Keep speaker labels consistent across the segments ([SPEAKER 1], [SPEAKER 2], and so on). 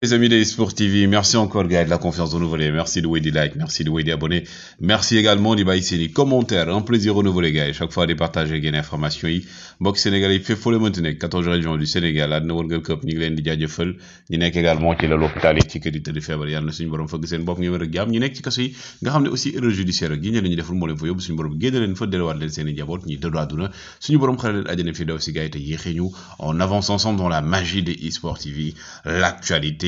[SPEAKER 1] Les amis des Sport TV, merci encore, gars, de la confiance renouvelée. Merci de des likes, merci de des abonnés. Merci également de baisser les commentaires. Un plaisir renouvelé, gars. Chaque fois, de partager des informations. Box Sénégal, il fait folle maintenant. 14 régions du Sénégal, la World Cup, nous avons dit à Dieu également qui est l'hôpital et qui est de février. Nous avons borom fog sen bop ñu wër gam ñu nek ci kasso yi nga xamné aussi erreur judiciaire gi ñu lañu deful mo leen fa yob suñu borom gëdal leen fa del wat leen seen jabot ñi dëddu aduna suñu borom xalé leen aljana fi daw ci gaay té yéxé ñu on avance ensemble dans la magie de sport TV l'actualité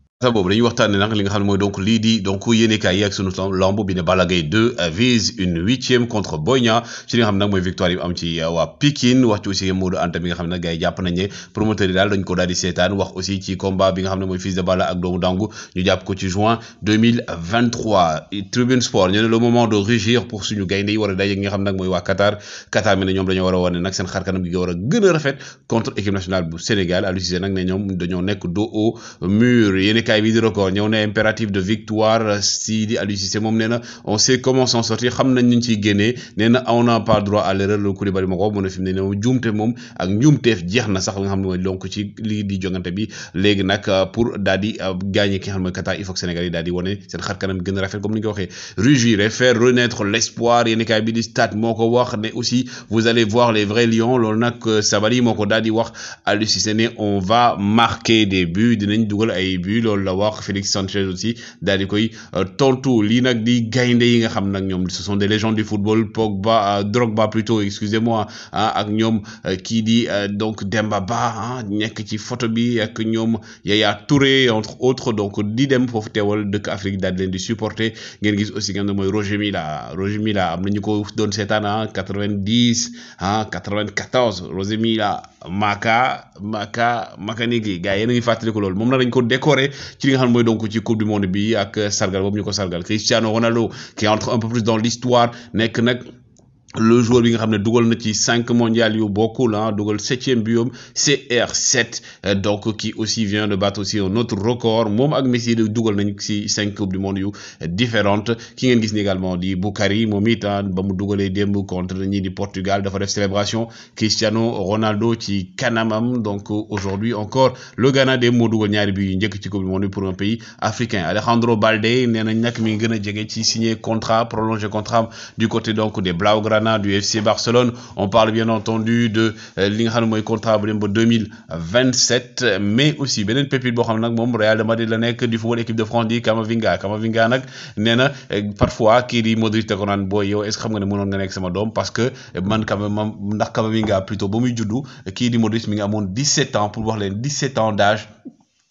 [SPEAKER 1] sa dañuy waxtaanee nak li nga xamne moy donc li di donc yene kay ak sunu lamb bi ne balagay 2 vise une 8e contre Boy ci nga xamne nak moy victoire yi am ci euh, wa Pikine wax ci aussi Modou Anta bi nga xamne ne japp nañ ne promoteur yi dal dañ ko daal setan wax aussi ci combat bi nga xamne moy fils de bala ak doomu dangu ñu japp ko ci juin 2023 Tribune Sport ñu le moment de rugir pour suñu gaynde yi war a nga xamne nak moy wa Qatar Qatar mi ñom dañu dañoo woné nak wane nag seen xar kanam gi war a rafet contre équipe nationale bu Sénégal Aliou nak né ñom dañu nekk do au mur yene yéenekaay bi di record ñëw ne impératif de victoire euh, Si Aliou Cissé mom nee on sait comment s'en sortir xam nañ ñu ciy génnee nee on n'a pas droit à l'erreur Le Koulibaly moo ko wax mu ne fi mu ne ak njuumteef jeex na sax nga xam donc ci li di jongante bi légui nak euh, pour dadi di euh, gagner ki nga xam ne Qatar il faut que Sénégal yi daal di wane seen xar kanam gën rafet comme ni nga waxé rugir faire renaître l'espoir yéenekaay bi di stade moko wax né aussi vous allez voir les vrais lions loolu nak Sabaly moko ko di wax Aliou Cissé on va marquer des buts dinañ duggal ay buts loolu loolu la wax Félix Sanchez aussi dal di koy euh, tontu li nak di gaynde yi nga xam nak ñom ce sont des légendes du football Pogba euh, Drogba plutôt excusez-moi hein, ak qui euh, dit di donc Demba Ba hein, nekk ci photo bi ak ñom Yaya Touré entre autres donc di dem fofu teewal dëkk Afrique dal di di supporter ngeen gis aussi nga moy Roger Mila Roger Mila am nañ ko doon setan hein 90 hein 94 Roger Mila Maka Maka Makanigi gars yi yéen a ngi fàttaliku loolu mom la dañ ko décorer ci li nga xam ne mooy donc ci coupe du monde bi ak sargal boobu ñu ko sargal Cristiano Ronaldo qui entre un peu plus dans l'histoire nekk nag le joueur bi nga xam ne dugal na ci cinq mondial yu bokkul ah dugal septième CR7 euh, donc qui aussi vient de battre aussi un autre record mom ak Messi dugal nañ ci cinq coupe du monde yu différentes ki ngeen gis également di Bukari Momita, it ah, ba mu ni du contre ñi di Portugal dafa def célébration Cristiano Ronaldo ci kanamam donc aujourd'hui encore le Ghana des mo dugal ñaari bi yu ci coupe du monde pour un pays africain Alejandro Balde nenañ nak mi gëna jëgé a signé ci signer contrat prolonger contrat du côté donc des Blaugrana du FC Barcelone on parle bien entendu de euh, li nga contrat pour 2027 mais aussi bien pépite boo xam ne nag Real de Madrid la du football équipe de France dit Kamavinga Camavinga euh, parfois qui dit Modric da un boyo est-ce que xam nga ne mënoon parce que euh, man Kamavinga plutôt ba muy juddu Modric mi 17 ans pour voir les 17 ans d'âge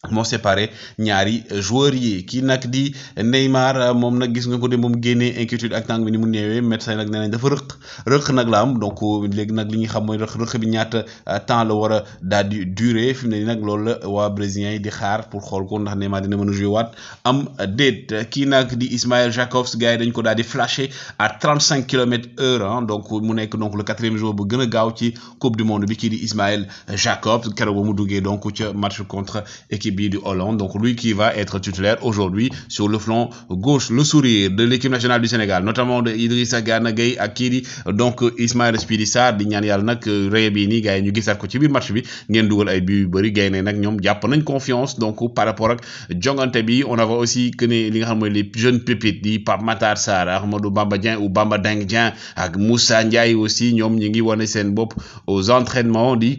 [SPEAKER 1] mo séparé ñaari joueurs yi kii nag di Neymar mom nak gis nga ko de mom génnee inquiétude ak tàng bi ni mu néewee médecin nak nee dafa rëq rëq nak la am donc légui nak li ñuy xam moy rëq rëq bi ñaata euh, temps la wara a daal di durer fi ni nak loolu la waa brésilien di xaar pour xol ko ndax Neymar dina mëna jouer wat am déet ki nak di Ismaël Jacobs gars yi dañ ko daal di flasher à 35 km heure hein. donc mu nekk donc le quatrième joueur bu gëna a gaaw ci coupe du monde bi ki di Ismaël Jacobs kéro ba mu duggee donc ci match contre équipe de du Hollande. Donc lui qui va être titulaire aujourd'hui sur le flanc gauche. Le sourire de l'équipe nationale du Sénégal, notamment de Idrissa Gana Gueye donc Ismaël Spirissard, Sarr di ñaan yàlla nag euh, rey bii nii gars yi ñu gisaat ci confiance donc par rapport à John bi on avait aussi que les jeunes pépites dit Pape Matar sar Ahmadou Bamba dien ou Bamba Deng dien ak Moussa Ndiaye aussi Nyom ñu ngi wane aux entraînements dit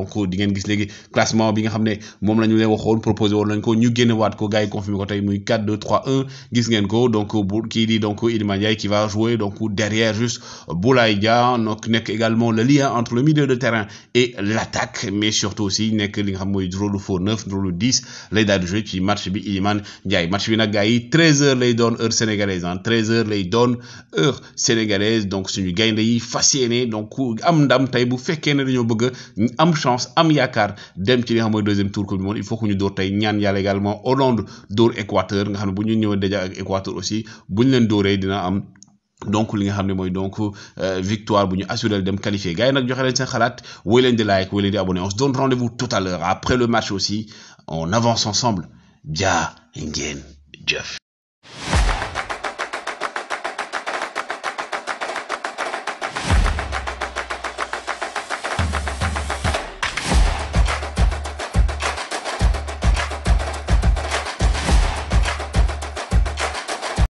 [SPEAKER 1] donc di ngeen gis léegi classement bi nga xam ne moom la ñu leen waxoon proposé woon lañ ko ñu génnewaat ko gars yi confirmé ko tey muy 4 2 3 1 gis ngeen ko donc bu kii di donc Iliman Ndiaye qui va jouer donc derrière juste Boulaye Dia donc nekk également le lien entre le milieu de terrain et l'attaque mais surtout aussi nekk li nga xam mooy rôle faux neuf rôle 10 lay daal di jouer ci match bi Iliman Ndiaye match bi nag gars yi 13h lay doon heure sénégalaise en hein. 13h lay doon heure sénégalaise donc suñu gaynde yi fas yéene donc am ndam tey bu fekkee ne dañoo bëgg am chance chance am yaakaar dem ci li nga xam deuxième tour Comme du monde il faut que ñu door tay ñaan yalla également Hollande door Équateur nga xam ne bu ñu déjà ak Équateur aussi buñ leen dooré dina am. donc li nga moy donc euh, victoire bu ñu assuré dem qualifié gars yi nag joxe leen seen xalaat woy leen di like woy leen di abonné on se donne rendez-vous tout à l'heure après le match aussi on avance ensemble Bien ngeen Jeff